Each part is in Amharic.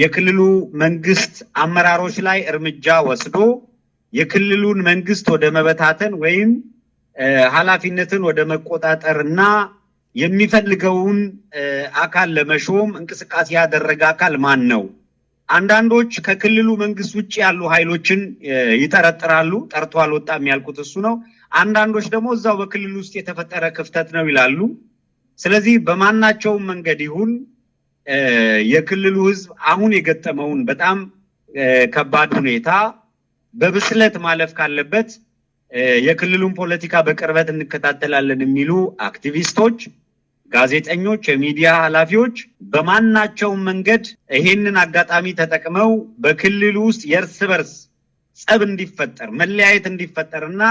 የክልሉ መንግስት አመራሮች ላይ እርምጃ ወስዶ የክልሉን መንግስት ወደ መበታተን ወይም ኃላፊነትን ወደ መቆጣጠር እና የሚፈልገውን አካል ለመሾም እንቅስቃሴ ያደረገ አካል ማን ነው? አንዳንዶች ከክልሉ መንግስት ውጭ ያሉ ኃይሎችን ይጠረጥራሉ። ጠርቶ አልወጣ የሚያልቁት እሱ ነው። አንዳንዶች ደግሞ እዛው በክልሉ ውስጥ የተፈጠረ ክፍተት ነው ይላሉ። ስለዚህ በማናቸውም መንገድ ይሁን የክልሉ ህዝብ አሁን የገጠመውን በጣም ከባድ ሁኔታ በብስለት ማለፍ ካለበት የክልሉን ፖለቲካ በቅርበት እንከታተላለን የሚሉ አክቲቪስቶች፣ ጋዜጠኞች፣ የሚዲያ ኃላፊዎች በማናቸውም መንገድ ይሄንን አጋጣሚ ተጠቅመው በክልሉ ውስጥ የእርስ በርስ ጸብ እንዲፈጠር፣ መለያየት እንዲፈጠር እና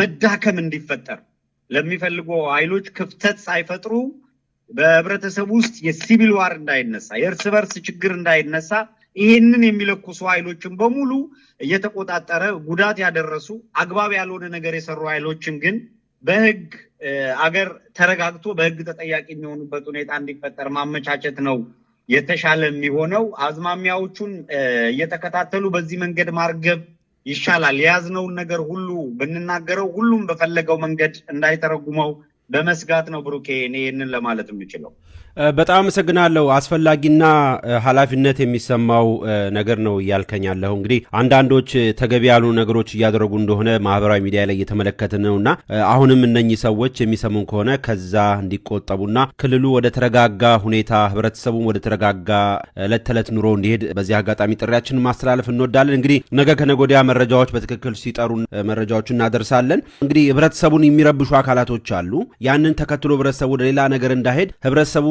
መዳከም እንዲፈጠር ለሚፈልጉ ኃይሎች ክፍተት ሳይፈጥሩ በህብረተሰቡ ውስጥ የሲቪል ዋር እንዳይነሳ፣ የእርስ በርስ ችግር እንዳይነሳ ይህንን የሚለኩሱ ኃይሎችን በሙሉ እየተቆጣጠረ ጉዳት ያደረሱ አግባብ ያልሆነ ነገር የሰሩ ኃይሎችን ግን በህግ አገር ተረጋግቶ በህግ ተጠያቂ የሚሆኑበት ሁኔታ እንዲፈጠር ማመቻቸት ነው የተሻለ የሚሆነው። አዝማሚያዎቹን እየተከታተሉ በዚህ መንገድ ማርገብ ይሻላል። የያዝነውን ነገር ሁሉ ብንናገረው ሁሉም በፈለገው መንገድ እንዳይተረጉመው በመስጋት ነው ብሩኬ፣ እኔ ይህንን ለማለት የምችለው በጣም አመሰግናለሁ። አስፈላጊና ኃላፊነት የሚሰማው ነገር ነው እያልከኝ ያለሁ። እንግዲህ አንዳንዶች ተገቢ ያሉ ነገሮች እያደረጉ እንደሆነ ማህበራዊ ሚዲያ ላይ እየተመለከትን ነውና አሁንም እነኚህ ሰዎች የሚሰሙን ከሆነ ከዛ እንዲቆጠቡና ክልሉ ወደ ተረጋጋ ሁኔታ ህብረተሰቡም ወደ ተረጋጋ ዕለት ተዕለት ኑሮ እንዲሄድ በዚህ አጋጣሚ ጥሪያችንን ማስተላለፍ እንወዳለን። እንግዲህ ነገ ከነገ ወዲያ መረጃዎች በትክክል ሲጠሩ መረጃዎቹ እናደርሳለን። እንግዲህ ህብረተሰቡን የሚረብሹ አካላቶች አሉ። ያንን ተከትሎ ህብረተሰቡ ወደ ሌላ ነገር እንዳይሄድ ህብረተሰቡ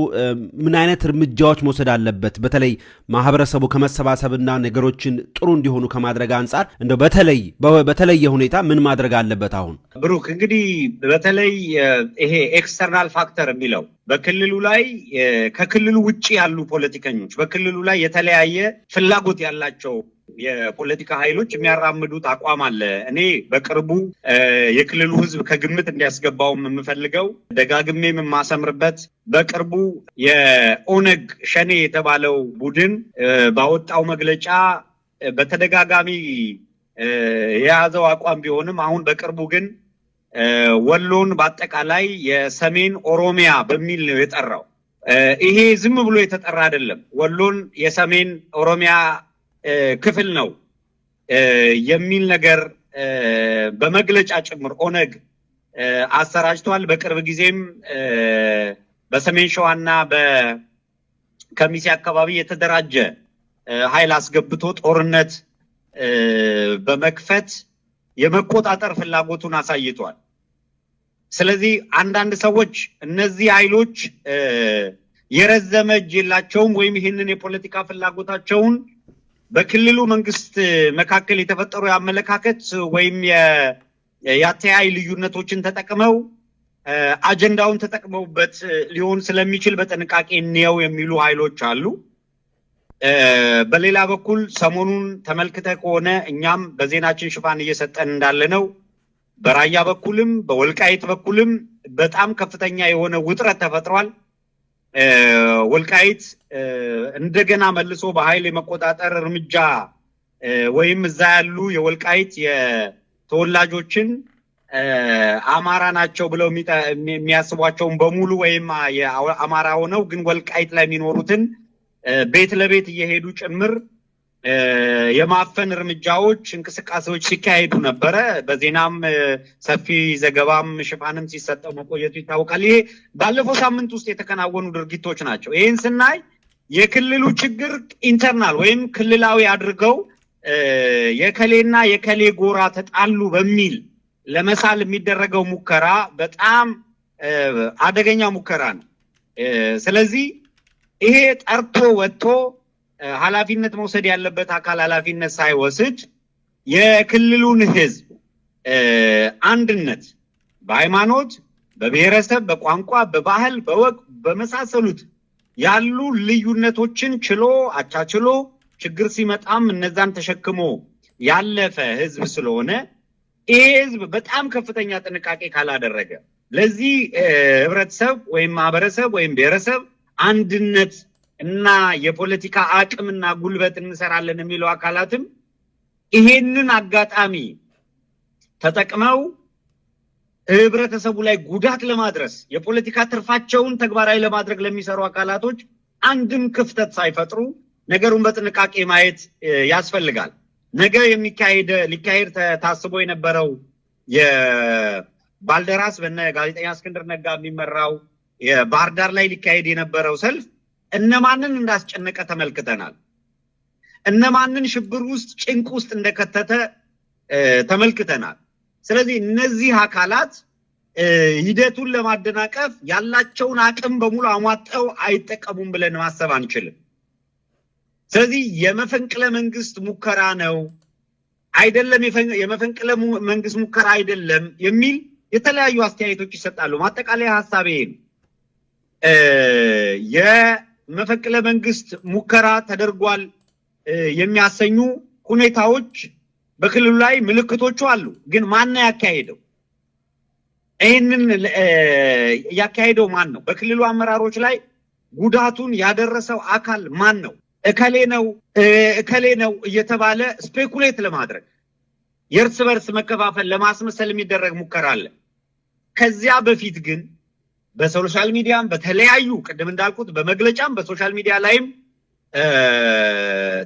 ምን አይነት እርምጃዎች መውሰድ አለበት? በተለይ ማህበረሰቡ ከመሰባሰብና ነገሮችን ጥሩ እንዲሆኑ ከማድረግ አንጻር እንደው በተለይ በተለየ ሁኔታ ምን ማድረግ አለበት? አሁን ብሩክ እንግዲህ በተለይ ይሄ ኤክስተርናል ፋክተር የሚለው በክልሉ ላይ ከክልሉ ውጭ ያሉ ፖለቲከኞች በክልሉ ላይ የተለያየ ፍላጎት ያላቸው የፖለቲካ ኃይሎች የሚያራምዱት አቋም አለ። እኔ በቅርቡ የክልሉ ህዝብ ከግምት እንዲያስገባውም የምፈልገው ደጋግሜ የማሰምርበት በቅርቡ የኦነግ ሸኔ የተባለው ቡድን ባወጣው መግለጫ በተደጋጋሚ የያዘው አቋም ቢሆንም አሁን በቅርቡ ግን ወሎን በአጠቃላይ የሰሜን ኦሮሚያ በሚል ነው የጠራው። ይሄ ዝም ብሎ የተጠራ አይደለም። ወሎን የሰሜን ኦሮሚያ ክፍል ነው የሚል ነገር በመግለጫ ጭምር ኦነግ አሰራጭቷል። በቅርብ ጊዜም በሰሜን ሸዋና በከሚሴ አካባቢ የተደራጀ ኃይል አስገብቶ ጦርነት በመክፈት የመቆጣጠር ፍላጎቱን አሳይቷል። ስለዚህ አንዳንድ ሰዎች እነዚህ ኃይሎች የረዘመ እጅ የላቸውም ወይም ይህንን የፖለቲካ ፍላጎታቸውን በክልሉ መንግስት መካከል የተፈጠሩ የአመለካከት ወይም የአተያይ ልዩነቶችን ተጠቅመው አጀንዳውን ተጠቅመውበት ሊሆን ስለሚችል በጥንቃቄ እንየው የሚሉ ኃይሎች አሉ። በሌላ በኩል ሰሞኑን ተመልክተ ከሆነ እኛም በዜናችን ሽፋን እየሰጠን እንዳለ ነው። በራያ በኩልም በወልቃይት በኩልም በጣም ከፍተኛ የሆነ ውጥረት ተፈጥሯል። ወልቃይት እንደገና መልሶ በኃይል የመቆጣጠር እርምጃ ወይም እዛ ያሉ የወልቃይት የተወላጆችን አማራ ናቸው ብለው የሚያስቧቸውን በሙሉ ወይም አማራ ሆነው ግን ወልቃይት ላይ የሚኖሩትን ቤት ለቤት እየሄዱ ጭምር የማፈን እርምጃዎች፣ እንቅስቃሴዎች ሲካሄዱ ነበረ። በዜናም ሰፊ ዘገባም ሽፋንም ሲሰጠው መቆየቱ ይታወቃል። ይሄ ባለፈው ሳምንት ውስጥ የተከናወኑ ድርጊቶች ናቸው። ይህን ስናይ የክልሉ ችግር ኢንተርናል ወይም ክልላዊ አድርገው የከሌና የከሌ ጎራ ተጣሉ በሚል ለመሳል የሚደረገው ሙከራ በጣም አደገኛ ሙከራ ነው። ስለዚህ ይሄ ጠርቶ ወጥቶ ኃላፊነት መውሰድ ያለበት አካል ኃላፊነት ሳይወስድ የክልሉን ህዝብ አንድነት በሃይማኖት፣ በብሔረሰብ፣ በቋንቋ፣ በባህል፣ በወቅ በመሳሰሉት ያሉ ልዩነቶችን ችሎ አቻችሎ ችግር ሲመጣም እነዛን ተሸክሞ ያለፈ ህዝብ ስለሆነ ይሄ ህዝብ በጣም ከፍተኛ ጥንቃቄ ካላደረገ ለዚህ ህብረተሰብ ወይም ማህበረሰብ ወይም ብሔረሰብ አንድነት እና የፖለቲካ አቅምና ጉልበት እንሰራለን የሚለው አካላትም ይሄንን አጋጣሚ ተጠቅመው ህብረተሰቡ ላይ ጉዳት ለማድረስ የፖለቲካ ትርፋቸውን ተግባራዊ ለማድረግ ለሚሰሩ አካላቶች አንድም ክፍተት ሳይፈጥሩ ነገሩን በጥንቃቄ ማየት ያስፈልጋል። ነገ የሚካሄደ ሊካሄድ ታስቦ የነበረው የባልደራስ በነ ጋዜጠኛ እስክንድር ነጋ የሚመራው የባህር ዳር ላይ ሊካሄድ የነበረው ሰልፍ እነማንን እንዳስጨነቀ ተመልክተናል። እነማንን ሽብር ውስጥ ጭንቅ ውስጥ እንደከተተ ተመልክተናል። ስለዚህ እነዚህ አካላት ሂደቱን ለማደናቀፍ ያላቸውን አቅም በሙሉ አሟጠው አይጠቀሙም ብለን ማሰብ አንችልም። ስለዚህ የመፈንቅለ መንግስት ሙከራ ነው አይደለም፣ የመፈንቅለ መንግስት ሙከራ አይደለም የሚል የተለያዩ አስተያየቶች ይሰጣሉ። ማጠቃለያ ሀሳቤ ነው። መፈቅለ መንግስት ሙከራ ተደርጓል የሚያሰኙ ሁኔታዎች በክልሉ ላይ ምልክቶቹ አሉ። ግን ማን ያካሄደው? ይህንን ያካሄደው ማን ነው? በክልሉ አመራሮች ላይ ጉዳቱን ያደረሰው አካል ማን ነው? እከሌ ነው እከሌ ነው እየተባለ ስፔኩሌት ለማድረግ የእርስ በርስ መከፋፈል ለማስመሰል የሚደረግ ሙከራ አለ። ከዚያ በፊት ግን በሶሻል ሚዲያም በተለያዩ ቅድም እንዳልኩት በመግለጫም በሶሻል ሚዲያ ላይም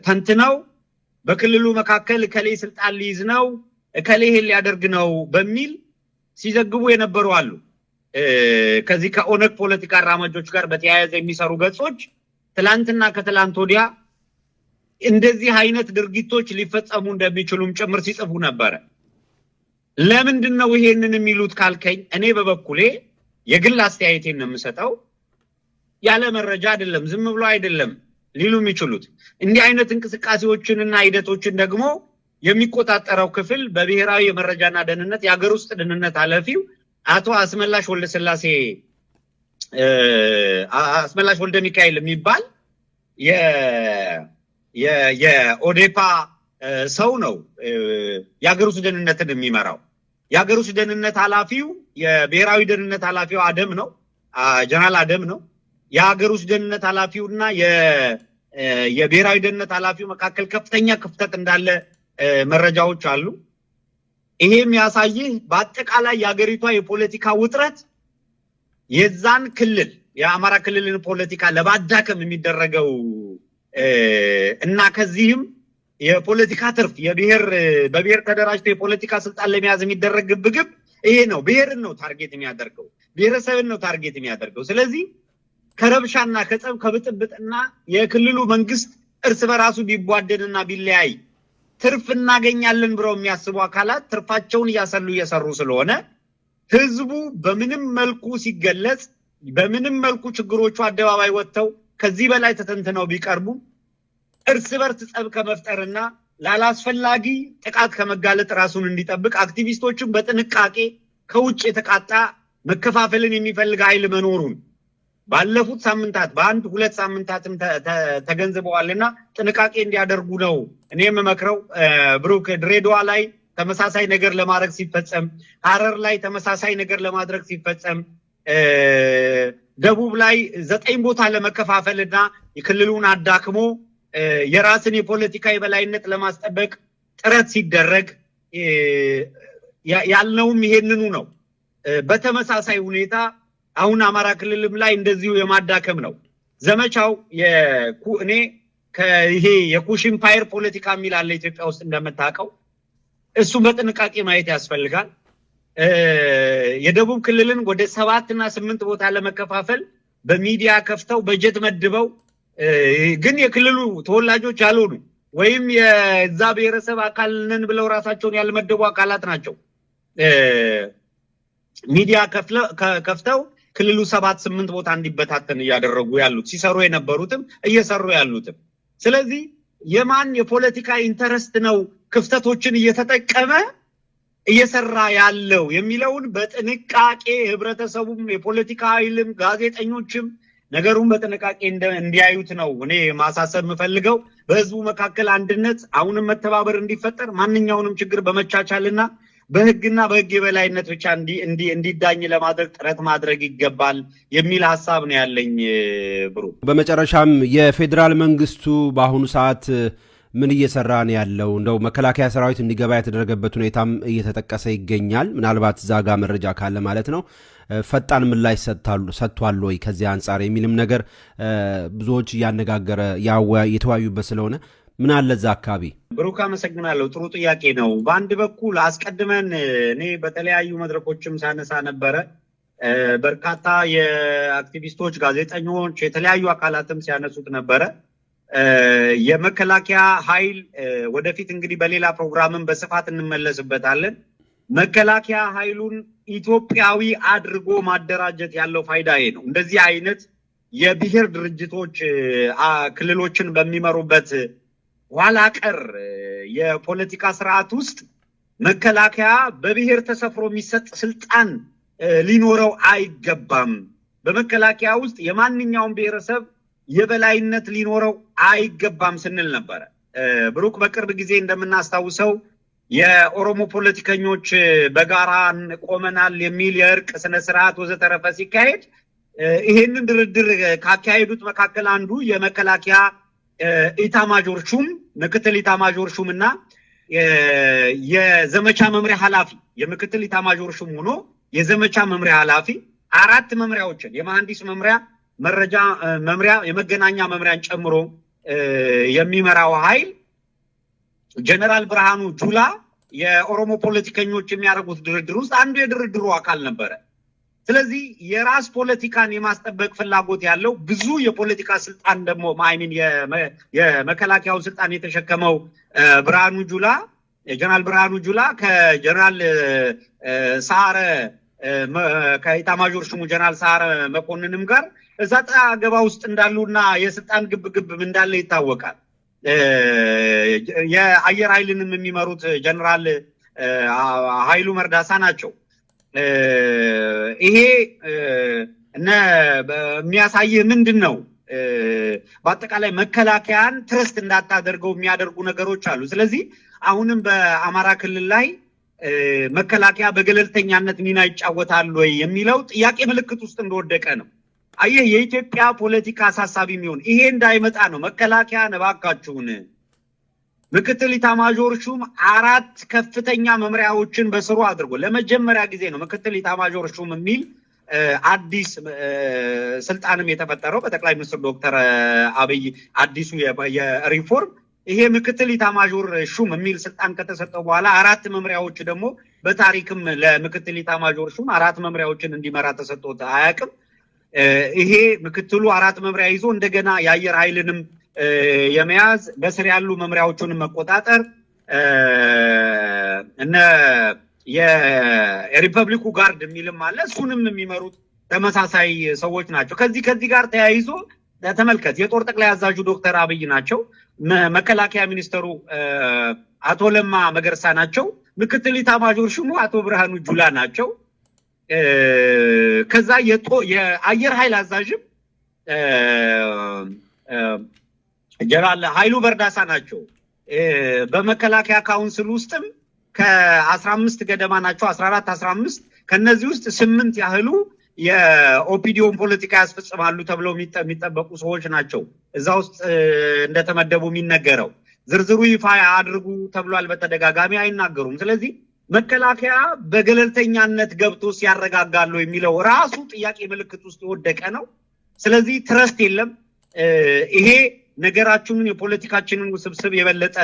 ተንትነው በክልሉ መካከል እከሌ ስልጣን ሊይዝ ነው፣ እከሌ ይሄን ሊያደርግ ነው በሚል ሲዘግቡ የነበሩ አሉ። ከዚህ ከኦነግ ፖለቲካ አራማጆች ጋር በተያያዘ የሚሰሩ ገጾች ትላንትና ከትላንት ወዲያ እንደዚህ አይነት ድርጊቶች ሊፈጸሙ እንደሚችሉም ጭምር ሲጽፉ ነበረ። ለምንድን ነው ይሄንን የሚሉት ካልከኝ እኔ በበኩሌ የግል አስተያየቴ ነው የምሰጠው። ያለ መረጃ አይደለም፣ ዝም ብሎ አይደለም ሊሉ የሚችሉት እንዲህ አይነት እንቅስቃሴዎችንና ሂደቶችን ደግሞ የሚቆጣጠረው ክፍል በብሔራዊ የመረጃና ደህንነት የሀገር ውስጥ ደህንነት ኃላፊው አቶ አስመላሽ ወልደ አስመላሽ ወልደ ሚካኤል የሚባል የኦዴፓ ሰው ነው የሀገር ውስጥ ደህንነትን የሚመራው። የሀገር ውስጥ ደህንነት ኃላፊው የብሔራዊ ደህንነት ኃላፊው አደም ነው፣ ጀነራል አደም ነው። የሀገር ውስጥ ደህንነት ኃላፊውና የብሔራዊ ደህንነት ኃላፊው መካከል ከፍተኛ ክፍተት እንዳለ መረጃዎች አሉ። ይሄ የሚያሳይህ በአጠቃላይ የሀገሪቷ የፖለቲካ ውጥረት የዛን ክልል የአማራ ክልልን ፖለቲካ ለማዳከም የሚደረገው እና ከዚህም የፖለቲካ ትርፍ የብሔር በብሔር ተደራጅቶ የፖለቲካ ስልጣን ለመያዝ የሚደረግ ግብግብ ይሄ ነው። ብሔርን ነው ታርጌት የሚያደርገው፣ ብሔረሰብን ነው ታርጌት የሚያደርገው። ስለዚህ ከረብሻና ከጸብ ከብጥብጥና የክልሉ መንግስት እርስ በራሱ ቢቧደንና ቢለያይ ትርፍ እናገኛለን ብለው የሚያስቡ አካላት ትርፋቸውን እያሰሉ እየሰሩ ስለሆነ ህዝቡ በምንም መልኩ ሲገለጽ፣ በምንም መልኩ ችግሮቹ አደባባይ ወጥተው ከዚህ በላይ ተተንትነው ቢቀርቡ እርስ በርስ ጸብ ከመፍጠርና ላላስፈላጊ ጥቃት ከመጋለጥ ራሱን እንዲጠብቅ አክቲቪስቶቹን በጥንቃቄ ከውጭ የተቃጣ መከፋፈልን የሚፈልግ ኃይል መኖሩን ባለፉት ሳምንታት በአንድ ሁለት ሳምንታትም ተገንዝበዋልና ጥንቃቄ እንዲያደርጉ ነው እኔ የምመክረው። ብሩክ ድሬዳዋ ላይ ተመሳሳይ ነገር ለማድረግ ሲፈጸም፣ ሀረር ላይ ተመሳሳይ ነገር ለማድረግ ሲፈጸም፣ ደቡብ ላይ ዘጠኝ ቦታ ለመከፋፈልና የክልሉን አዳክሞ የራስን የፖለቲካ የበላይነት ለማስጠበቅ ጥረት ሲደረግ ያልነውም ይሄንኑ ነው። በተመሳሳይ ሁኔታ አሁን አማራ ክልልም ላይ እንደዚሁ የማዳከም ነው ዘመቻው። እኔ ይሄ የኩሽ ኢምፓየር ፖለቲካ የሚል አለ ኢትዮጵያ ውስጥ እንደምታውቀው፣ እሱም በጥንቃቄ ማየት ያስፈልጋል። የደቡብ ክልልን ወደ ሰባት እና ስምንት ቦታ ለመከፋፈል በሚዲያ ከፍተው በጀት መድበው ግን የክልሉ ተወላጆች ያልሆኑ ወይም የዛ ብሔረሰብ አካል ነን ብለው ራሳቸውን ያልመደቡ አካላት ናቸው ሚዲያ ከፍተው ክልሉ ሰባት ስምንት ቦታ እንዲበታተን እያደረጉ ያሉት ሲሰሩ የነበሩትም እየሰሩ ያሉትም። ስለዚህ የማን የፖለቲካ ኢንተረስት ነው ክፍተቶችን እየተጠቀመ እየሰራ ያለው የሚለውን በጥንቃቄ ህብረተሰቡም፣ የፖለቲካ ኃይልም፣ ጋዜጠኞችም ነገሩን በጥንቃቄ እንዲያዩት ነው እኔ ማሳሰብ የምፈልገው። በህዝቡ መካከል አንድነት፣ አሁንም መተባበር እንዲፈጠር ማንኛውንም ችግር በመቻቻልና በህግና በህግ የበላይነት ብቻ እንዲዳኝ ለማድረግ ጥረት ማድረግ ይገባል የሚል ሀሳብ ነው ያለኝ። ብሩ፣ በመጨረሻም የፌዴራል መንግስቱ በአሁኑ ሰዓት ምን እየሰራ ነው ያለው? እንደው መከላከያ ሰራዊት እንዲገባ የተደረገበት ሁኔታም እየተጠቀሰ ይገኛል። ምናልባት ዛጋ መረጃ ካለ ማለት ነው። ፈጣን ምላሽ ሰጥቷል ወይ ከዚያ አንጻር የሚልም ነገር ብዙዎች እያነጋገረ የተወያዩበት ስለሆነ ምን አለ እዛ አካባቢ? ብሩክ አመሰግናለሁ። ጥሩ ጥያቄ ነው። በአንድ በኩል አስቀድመን እኔ በተለያዩ መድረኮችም ሳነሳ ነበረ በርካታ የአክቲቪስቶች ጋዜጠኞች፣ የተለያዩ አካላትም ሲያነሱት ነበረ። የመከላከያ ኃይል ወደፊት እንግዲህ በሌላ ፕሮግራምም በስፋት እንመለስበታለን። መከላከያ ኃይሉን ኢትዮጵያዊ አድርጎ ማደራጀት ያለው ፋይዳ ይሄ ነው። እንደዚህ አይነት የብሔር ድርጅቶች ክልሎችን በሚመሩበት ኋላ ቀር የፖለቲካ ስርዓት ውስጥ መከላከያ በብሔር ተሰፍሮ የሚሰጥ ስልጣን ሊኖረው አይገባም። በመከላከያ ውስጥ የማንኛውም ብሔረሰብ የበላይነት ሊኖረው አይገባም ስንል ነበረ። ብሩክ በቅርብ ጊዜ እንደምናስታውሰው የኦሮሞ ፖለቲከኞች በጋራ ቆመናል የሚል የእርቅ ስነስርዓት ወዘተረፈ ሲካሄድ ይሄንን ድርድር ካካሄዱት መካከል አንዱ የመከላከያ ኢታማጆር ሹም ምክትል ኢታማጆር ሹም እና የዘመቻ መምሪያ ኃላፊ የምክትል ኢታማጆር ሹም ሆኖ የዘመቻ መምሪያ ኃላፊ አራት መምሪያዎችን የመሐንዲስ መምሪያ፣ መረጃ መምሪያ፣ የመገናኛ መምሪያን ጨምሮ የሚመራው ኃይል ጀነራል ብርሃኑ ጁላ የኦሮሞ ፖለቲከኞች የሚያደርጉት ድርድር ውስጥ አንዱ የድርድሩ አካል ነበረ። ስለዚህ የራስ ፖለቲካን የማስጠበቅ ፍላጎት ያለው ብዙ የፖለቲካ ስልጣን ደግሞ ማይሚን የመከላከያውን ስልጣን የተሸከመው ብርሃኑ ጁላ ጀነራል ብርሃኑ ጁላ ከጀነራል ሳረ ከኢታማዦር ሹሙ ጀነራል ሳረ መኮንንም ጋር እዛ ገባ ውስጥ እንዳሉና የስልጣን ግብግብ እንዳለ ይታወቃል። የአየር ኃይልንም የሚመሩት ጀነራል ኃይሉ መርዳሳ ናቸው። ይሄ የሚያሳይህ ምንድን ነው? በአጠቃላይ መከላከያን ትረስት እንዳታደርገው የሚያደርጉ ነገሮች አሉ። ስለዚህ አሁንም በአማራ ክልል ላይ መከላከያ በገለልተኛነት ሚና ይጫወታል ወይ የሚለው ጥያቄ ምልክት ውስጥ እንደወደቀ ነው። አየህ የኢትዮጵያ ፖለቲካ አሳሳቢ የሚሆን ይሄ እንዳይመጣ ነው። መከላከያ ነባካችሁን ምክትል ኢታማዦር ሹም አራት ከፍተኛ መምሪያዎችን በስሩ አድርጎ ለመጀመሪያ ጊዜ ነው ምክትል ኢታማዦር ሹም የሚል አዲስ ስልጣንም የተፈጠረው በጠቅላይ ሚኒስትር ዶክተር አብይ አዲሱ የሪፎርም ይሄ ምክትል ኢታማዦር ሹም የሚል ስልጣን ከተሰጠው በኋላ አራት መምሪያዎች ደግሞ በታሪክም ለምክትል ኢታማዦር ሹም አራት መምሪያዎችን እንዲመራ ተሰጥቶት አያውቅም። ይሄ ምክትሉ አራት መምሪያ ይዞ እንደገና የአየር ኃይልንም የመያዝ በስር ያሉ መምሪያዎቹንም መቆጣጠር እነ የሪፐብሊኩ ጋርድ የሚልም አለ። እሱንም የሚመሩት ተመሳሳይ ሰዎች ናቸው። ከዚህ ከዚህ ጋር ተያይዞ ተመልከት፣ የጦር ጠቅላይ አዛዡ ዶክተር አብይ ናቸው። መከላከያ ሚኒስተሩ አቶ ለማ መገርሳ ናቸው። ምክትል ኢታማዦር ሹሙ አቶ ብርሃኑ ጁላ ናቸው። ከዛ የአየር ኃይል አዛዥም ጀነራል ኃይሉ በርዳሳ ናቸው። በመከላከያ ካውንስል ውስጥም ከአስራ አምስት ገደማ ናቸው። አስራ አራት አስራ አምስት ከእነዚህ ውስጥ ስምንት ያህሉ የኦፒዲዮን ፖለቲካ ያስፈጽማሉ ተብለው የሚጠበቁ ሰዎች ናቸው። እዛ ውስጥ እንደተመደቡ የሚነገረው ዝርዝሩ ይፋ አድርጉ ተብሏል። በተደጋጋሚ አይናገሩም። ስለዚህ መከላከያ በገለልተኛነት ገብቶ ሲያረጋጋሉ የሚለው ራሱ ጥያቄ ምልክት ውስጥ የወደቀ ነው። ስለዚህ ትረስት የለም። ይሄ ነገራችንን የፖለቲካችንን ውስብስብ የበለጠ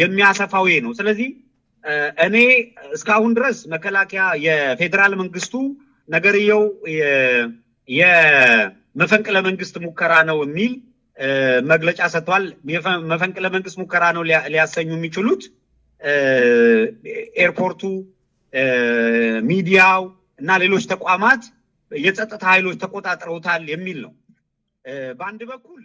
የሚያሰፋው ነው። ስለዚህ እኔ እስካሁን ድረስ መከላከያ የፌዴራል መንግስቱ ነገርየው የመፈንቅለ መንግስት ሙከራ ነው የሚል መግለጫ ሰጥቷል። መፈንቅለ መንግስት ሙከራ ነው ሊያሰኙ የሚችሉት ኤርፖርቱ፣ ሚዲያው እና ሌሎች ተቋማት የጸጥታ ኃይሎች ተቆጣጥረውታል የሚል ነው በአንድ በኩል